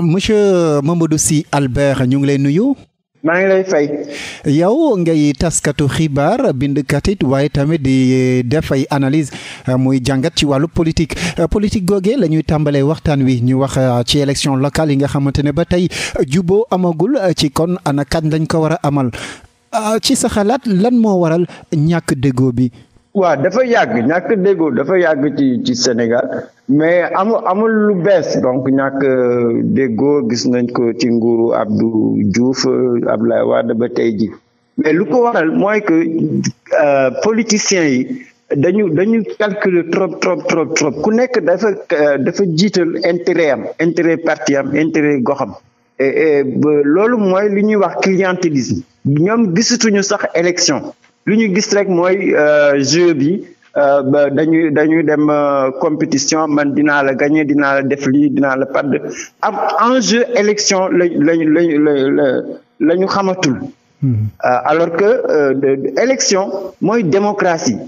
monsieur Mamadou si Albert ñu ngi lay nuyu. maa ngi lay fay. yow ngay taskatu xibaar bindkat it waaye tamit di def ay analyse euh, muy jàngat ci wàllu politique euh, politique googee la ñuy tàmbalee waxtaan wi ñu wax euh, ci élection locale yi nga xamante ne ba tey juboo amagul ci kon ana kañ lañ ko war a amal ci sa xalaat lan moo waral ñàkk déggoo bi. waaw dafa yàgg ñàkk déggoo dafa yàgg ci ci Sénégal mais amul amul lu bees donc ñàkk euh, déggoo gis nañ ko ci nguuru Abdou Diouf euh, Abdoulaye Wade ba tey ji mais lu ko waral mooy que euh, politiciens yi dañu dañu calculer trop trop trop trop ku nekk dafa dafa jiital intérêt am intérêt parti am intérêt goxam et loolu mooy li ñuy wax clientélisme ñoom gisatuñu sax élection lu ñu gis rek mooy euh, jeu bi euh, ba dañuy dañuy dem euh, compétition man dinaa la gagné dina la def lii dinaa la padd ab enjeu élection lañ la la ñu xamatul mm-hmm. alors que élection mooy démocratie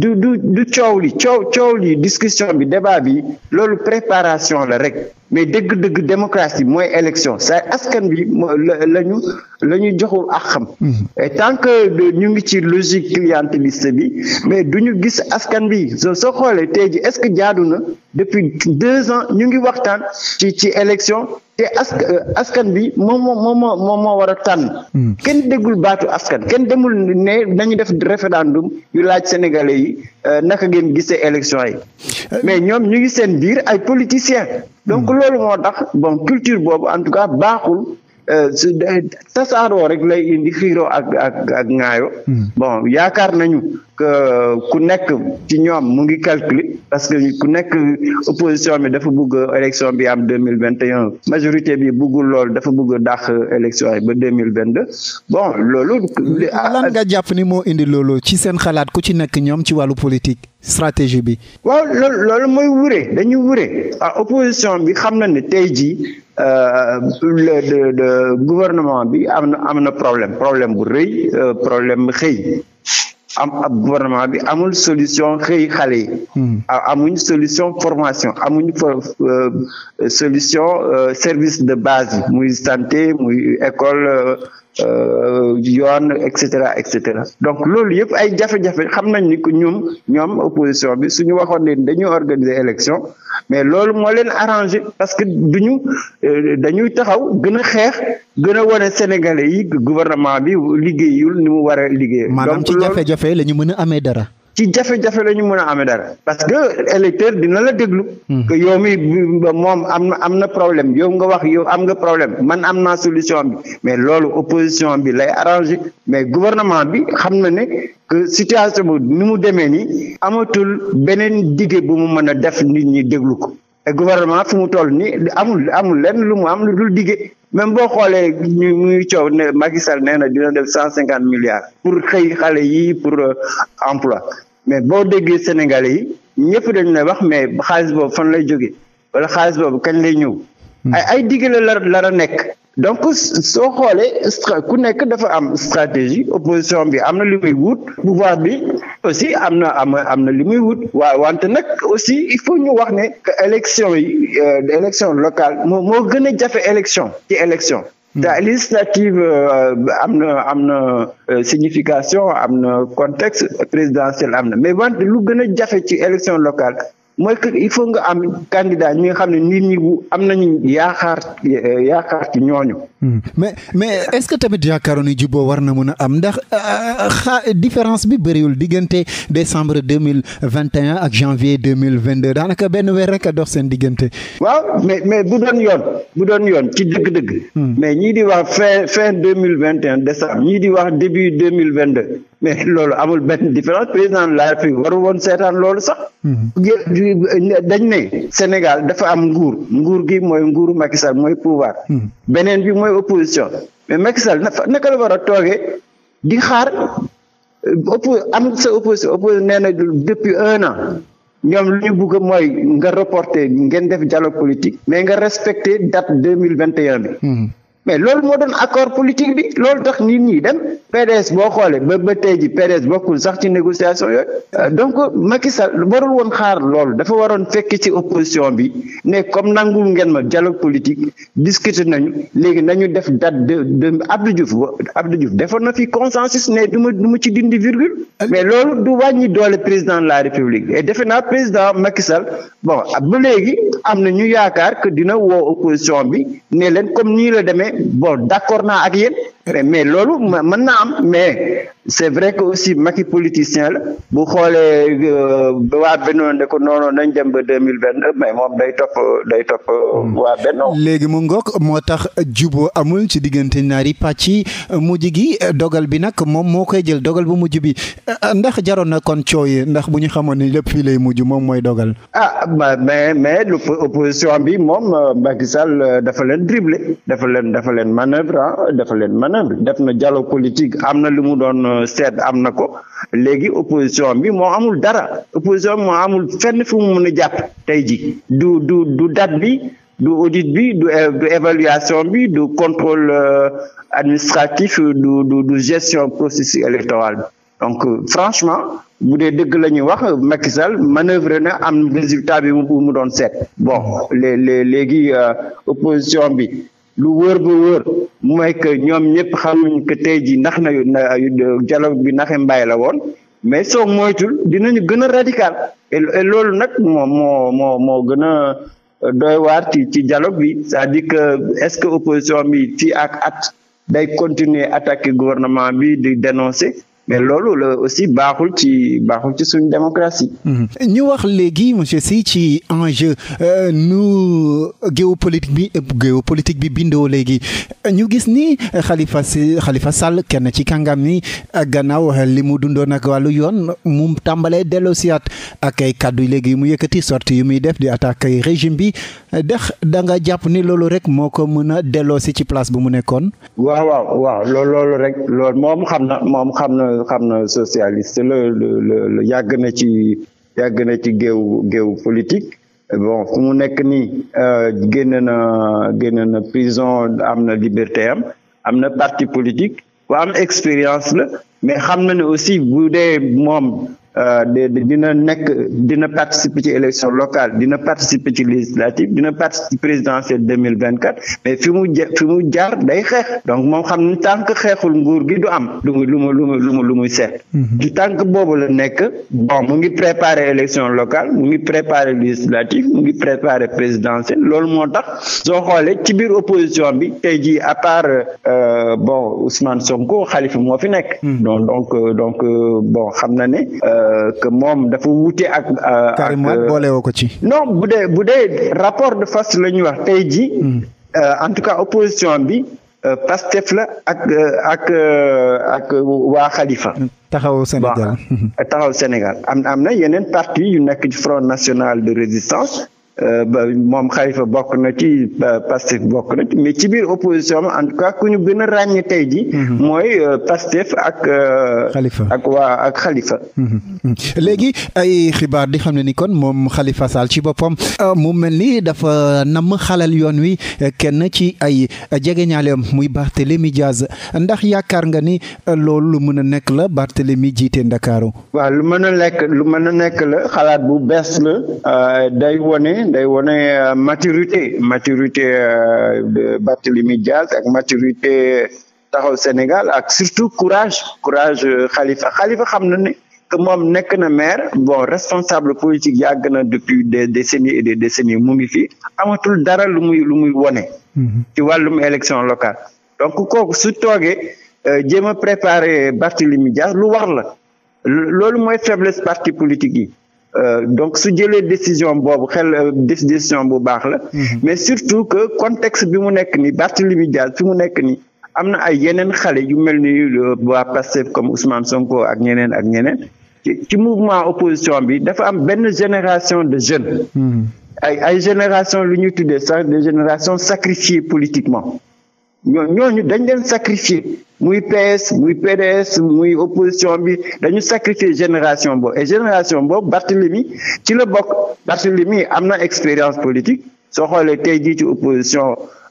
du du du coow li coow coow li discussion bi débat bi loolu préparation la rek mais dëgg-dëgg démocratie mooy élection sa askan bi lañu la ñu joxul ak xam mhm. et tant que ñu ngi ci logique clientéliste bi mais du ñu gis askan bi soo soo xoolee tey ji est-ce que jaadu na depuis deux ans ñu ngi waxtaan ci ci élection te ask euh, askan bi moom moo moo moom moo war a tànn hmm. kenn déggul baatu askan kenn demul ne nañu def référendum yu laaj sénégalais yi euh, naka ngeen gisee élection yi euh, mais ñoom ñu ngi seen biir ay politiciens donc hmm. loolu moo tax bon culture boobu en tout cas baaxul euh, su tasaaroo rek lay indi xiiroo ak ak ak ŋaayo hmm. bon yaakaar nañu ku nekk ci ñoom mu ngi calcul parce que ku nekk opposition bi dafa bugg élection bi am deux mille vingt et majorité bi bëggul loolu dafa bëgg dàq élection yi ba deux mille vingt deux bon loolu. lan nga jàpp ni moo indi loolu ci seen xalaat ku ci nekk ñoom ci wàllu politique. stratégie bi. waaw loolu loolu mooy wure dañuy wure opposition bi xam na ne tey jii euh, le le gouvernement bi am na am na problème problème bu rëy euh, problème bu xëy am ab gouvernement bi amul solution xëy xale yi. Hmm. amuñ solution formation amuñ euh, solution euh, service de base muy santé muy école. Euh, Euh, yoon et cetera et cetera donc loolu yëpp ay jafe-jafe xam nañ ni que ñoom ñoom opposition bi su ñu waxoon leen dañuy organiser élection mais loolu moo leen arrangé parce que duñu euh, dañuy taxaw gën a xeex gën a wane sénégalais yi gouvernement bi liggéeyul ni mu war a liggéey. maa loolu ci jafe-jafe la ñu mën a amee dara. ci jafe-jafe la ñu mën a amee dara parce que électeur dina la déglu. Hmm. que mi moom am na am na problème yow nga wax yow am nga problème man am naa solution bi mais loolu opposition bi lay arrangé mais gouvernement bi xam na ne que situation bi ni mu demee nii amatul beneen digge bu mu mën a def nit ñi déglu ko. et gouvernement fu mu toll nii amul amul lenn lu mu am lu dul digge même boo xoolee ñu muy coow ne Macky nee na dina def cent cinquante milliards pour yi pour euh, emploi mais boo déggee Sénégalais yi ñëpp dañu ne wax mais xaalis boobu fan lay jóge wala xaalis boobu kañ lay ñëw. Hmm. ay ay digg la lar a nekk. donc soo xoolee ku nekk dafa am stratégie opposition bi am na li muy wut pouvoir bi aussi am na am am na li muy wut waa wante nag aussi il faut ñu wax ne que élection yi euh, élection locale moo moo gën a jafe élection ci élection te hmm. législative euh, am na am na euh, signification am na contexte présidentiel am na mais wante lu gën a jafe ci élection locale mooy que il faut nga am candidat ñi nga xam ne nit ñi bu am nañu yaakaar euh, yaakaar ci ñooñu Hmm. mais mais est-ce que tamit yaakaaroon ni juboo war na mën a am ndax euh, euh, différence bi bëriwul diggante décembre deux mille vingt et un ak janvier deux mille vingt deux daanaka benn weer rek a dox seen diggante. waaw mais mais bu doon yoon bu doon yoon ci dëgg-dëgg. Hmm. mais ñii di wax fin fin mille vingt et un décembre ñii di wax début deux mille vingt deux mais loolu amul benn différence président de la République woon seetaan loolu sax. Hmm. dañ ne Sénégal dafa am nguur nguur gi mooy nguuru Macky Sall mooy pouvoir. beneen bi mooy mooy opposition mais Macky Sall naka la war a toogee di xaar euh, oppo am sa opposition opposition nee depuis un an ñoom lu bugg bëgg mooy nga reporter ngeen def dialogue politique mais nga respecter date deux mille vingt et bi. Hmm. mais loolu moo doon accord politique bi loolu tax nit ñi dem PDS boo xoolee ba ba tey ji PDS bokkul sax ci négociation yooyu euh, donc Macky Sall warul woon xaar loolu dafa waroon fekk ci opposition bi ne comme nangul ngeen ma dialogue politique discuter nañu léegi nañu def date de de Abdou Diouf Abdou Diouf defoon na fi consensus ne du ma du ma ci dindi virgule mais loolu du wàññi doole président la République defe naa président Macky Sall bon ba léegi am na ñu yaakaar que dina woo opposition bi ne leen comme nii la demee. ne bon d'accord ak yéen après mais loolu mën naa am mais c' est vrai que aussi Macky politicien la bu xoolee euh, waa Benno ne ko noonu nañ jëm ba deux mille vingt deux mais moom day topp day topp hmm. waa Benno léegi mu ngook moo tax juboo amul ci diggante ñaari pàcc yi mujj gi dogal bi nag moom moo koy jël dogal bu mujj bi euh, ndax jaroon na kon cooyee ndax bu ñu xamoon ni lépp fii lay mujj moom mooy dogal. ah mais mais opposition bi moom euh, Macky Sall dafa leen dribblé dafa leen dafa leen manœuvre ah, dafa leen manœuvre na def na dialogue politique am na lu mu doon euh, seet am na ko léegi opposition bi moo amul dara opposition bi moo amul fenn fu mu mun a jàpp tey ji du du du date bi du audit bi du euh, du évaluation bi du contrôle euh, administratif du du du gestion processus électoral bi donc franchement bu dee dëgg la ñuy wax Macky Sall manœuvre na am résultat bi mu mu doon seet bon léegi opposition bi. lu wóor ba wóor mooy que ñoom ñëpp xamuñ que tey jii ndax na dialogue bi naxe mbaay la woon mais soo moytul dinañu gën a radical et loolu nag moo moo moo moo gën a euh, doy waar ci ci bi cest à que est-ce que opposition bi ci ak at day continuer attaquer gouvernement bi di dénoncer mais loolu la aussi baaxul ci baaxul ci suñu démocratie. Mmh. ñu wax léegi monsieur si ci enjeu euh, nu géopolitique bi géopolitique bi bindoo léegi ñu gis ni xalifa Sy Khalifa Sall kenn ci kàngam ni gannaaw li mu dundoon ak wàllu yoon mu tàmbalee delloosiwaat ak ay kaddu léegi mu yëkkati sorti yu muy def di attaquer régime bi. ndax da nga jàpp ni loolu rek moo ko mën a delloo si ci place bu mu nekkoon. waaw waaw waaw loolu loolu rek loolu moom xam na moom xam na xam na socialiste la la yàgg na ci yàgg na ci géew géew politique. bon fu mu nekk nii euh, génn na génn na prison am na liberté am am na parti politique ku am expérience la mais xam na ne aussi bu dee moom Euh, dina nekk dina participer ci élection locale dina participer ci législative dina participer présidentielle deux mille vingt quatre mais fi mu ja mu jaar day xeex donc moom xam ne tant xeexul nguur gi du am lu mu lu mu lu mu lu mu lu muy set du mm-hmm. tànk boobu la nekk bon mu ngi préparer élection locale mu ngi préparer législative mu ngi préparer présidentielle loolu moo tax soo xoolee ci biir opposition bi tey jii à part euh, bon Ousmane Sonko Khalifa moo fi nekk mm-hmm. donc donc euh, bon xam na ne que moom dafa wute ak. Euh, Karim Wade euh, boolewoo ko ci. non bu dee bu dee rapport de force la ñuy wax tey jii. Hmm. Euh, en tout cas opposition bi. Pastef la ak ak ak waa Khalifa. taxaw Sénégal taxaw Sénégal am am na yeneen parti yu nekk ci Front nationale de Résistance. Euh, moom xalifa bokk na ci Pastef bokk na ci mais ci biir opposition en tout cas ku ñu gën a ràññee tey ji mhm. mooy euh, Pastef ak. Euh, Khalifa ak waa ak xalifa mhm. mhm. léegi ay xibaar di xam ne ni kon moom xalifa saal ci boppam mu mel ni dafa namm xalal yoon wi kenn ci ay jegeñaaleem muy Barthélémy Diaz ndax yaakaar nga ni loolu lu mën a nekk la Barthélémy jiite Ndakaaru. waaw lu mën a nekk lu mën a nekk la xalaat bu bees la day wone day wone euh, maturité maturité euh, Barthélemy Dias ak maturité taxaw Sénégal ak surtout courage courage euh, Khalifa Khalifa xam na ne que moom nekk na maire bon responsable politique yàgg na depuis des décennies et des décennies mu ngi fi amatul dara lu muy lu muy wone mhm. ci wàllum élection locale donc kooku su toogee jéem a préparer Barthélemy Dias lu war la loolu mooy faiblesse parti politique yi Euh, donc su jëlee décision boobu xel euh, décision bu baax la. Mhm. mais surtout que contexte bi mu nekk nii Barthélémy Dias fi mu nekk nii. am na ay yeneen xale yu mel ni euh, waa Pastef comme Ousmane Sonko ak ñeneen ak ñeneen ci mouvement opposition bi dafa am benn génération de jeunes. Mhm. ay ay génération lu ñuy tuddee sax des générations sacrifiées politiquement. ñoo ñooñu dañu leen sacrifier muy PS muy PDS muy opposition bi dañu sacrifier génération boobu et génération boobu Barthélemy ci la bokk Barthélemy am na expérience politique soo xoolee tey jii ci opposition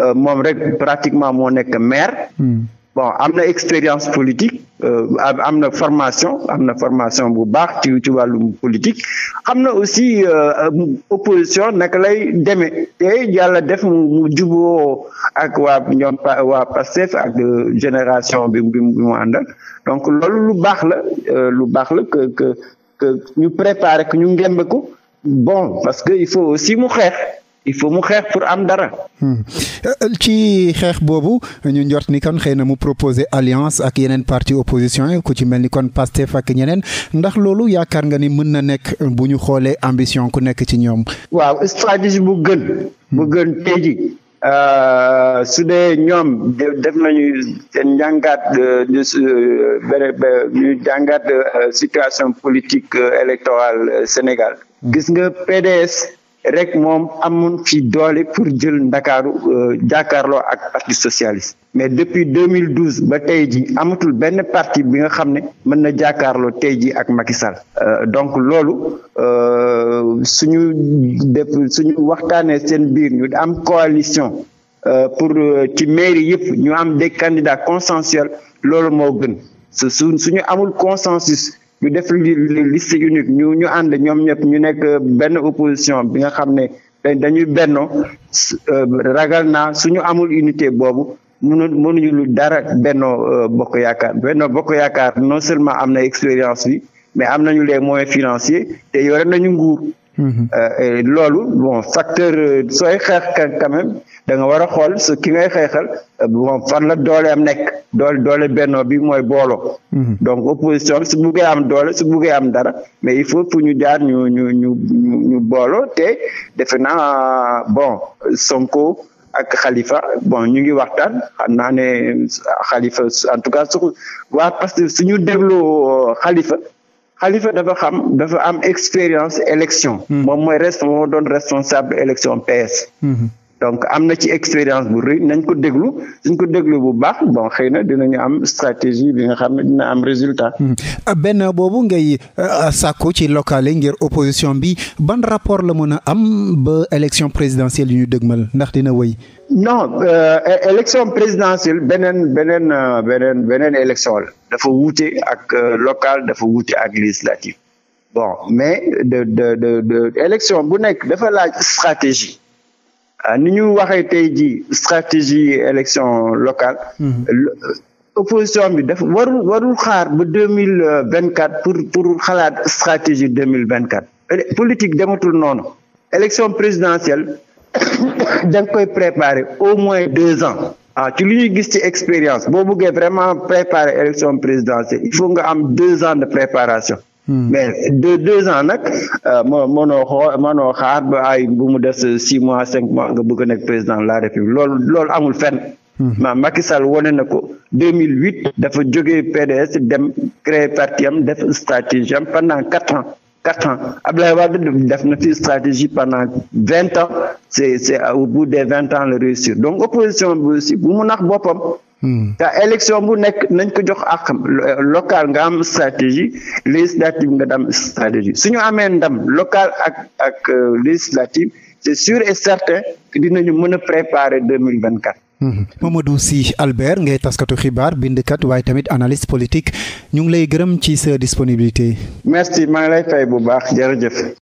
euh, moom rek pratiquement moo nekk maire hmm. bon am na expérience politique euh, am na formation am na formation bu baax ci ci wàllum politique am na aussi euh, opposition naka lay demee te yàlla def mu juboo ak waa ñoom waa Pastef ak euh, génération bi bi mu àndal donc loolu lu baax la lu baax la que ñu préparer que ñu ngembe ko bon parce que il faut aussi mu xeex il faut mu xeex pour am dara. Hmm. Euh, ci xeex boobu ñu njort ni kon xëy na mu proposer alliance ak yeneen partie opposition yi ku ci mel ni kon Pastef ak ñeneen ndax loolu yaakaar nga ni mën na nekk bu ñu xoolee ambition ku nekk ci ñoom. waaw stratégie bu gën. Hmm. bu gën téji ji euh, su ñoom def nañu seen njàngaat euh, ñu jàngaat situation politique électorale Sénégal. Hmm. gis nga PDS. rek moom amun fi doole pour jël ndakaaru euh, jàkkaarloo ak parti socialiste mais depuis 2012 ba tey ji amatul benn parti bi nga xam ne mën na jàkkaarloo tey ji ak Macky Sall euh, donc loolu euh, suñu def suñu waxtaanee seen biir ñu am coalition pour ci mairie yëpp ñu am des candidats consensuels loolu moo gën su suñu amul consensus ñu def li liste unique ñu ñu ànd ñoom ñëpp ñu nekk euh, benn opposition bi nga xam ne dañuy benno euh, ragal naa suñu amul unité boobu mënu mënuñu lu dara bennoo euh, bokk yaakaar bennoo bokk yaakaar non seulement am na expérience bi mais am nañu les moyens financier te yore nañu nguur Euh, loolu bon facteur euh, sooy xeex quand même da nga war a xool su ki ngay xeexal euh, bon fan la doole am nekk doole doole bennoo bi mooy booloo. Mhm. donc opposition bi su buggee am doole su buggee am dara mais il faut fu ñu jaar ñu ñu ñu ñu booloo te defe naa bon Sonko. ak xalifa bon ñu ngi waxtaan xam naa ne Khalifa en tout cas su waa parce que Khalifa dafa xam dafa am expérience élection. Hmm. moom mooy reste doon responsable élection PS. Hmm. donc am na ci expérience bu rëy nañ ko déglu suñ ko déglu bu baax bon xëy na dinañu am stratégie bi nga xam ne dina am résultat. Hmm. Euh, benn boobu ngay euh, sàkku ci local yi ngir opposition bi ban rapport la mën a am ba élection présidentielle yu ñu dëgmal ndax dina wëy. non euh, élection présidentielle beneen beneen euh, beneen beneen élection la dafa wuute ak euh, local dafa wuute ak législative bon mais de de de de élection bu nekk dafa laaj stratégie ah, ni ñu waxee tey jii stratégie élection locale. Mhm. opposition bi daf warul warul xaar ba deux mille vingt quatre pour pour xalaat stratégie deux mille vingt quatre. politique dematul noonu. élection présidentielle. da nga koy préparer au moins deux ans ah ci li gis ci expérience boo buggee vraiment préparer élection présidentielle il faut nga am deux ans de préparation Hmm. mais de deux ans nag euh, moo mënoo xaar ba ay bu des six mois cinq mois nga bëgg a nekk président la république loolu loolu amul fen hmm. ma Macky Sall wane na ko 2008 dafa jógee PDS dem créer parti am def stratégie am pendant quatre ans quatre ans Abdoulaye Wade def na fi stratégie pendant vingt ans c'est c'est au bout des vingt ans le réussir donc opposition bu aussi bu mu nax boppam hmm. te élection bu nekk nañ ko jox àqam local nga am stratégie législative nga am stratégie ñu amee ndam local ak ak euh, législative c'est sûr et certain dina ñu mën a préparer deux mille vingt quatre Mamadou Sy Albert ngay taskatu xibaar bindkat waaye tamit analyse politique ñu ngi lay gërëm ci sa disponibilité. merci maa ngi lay fay bu baax jërëjëf.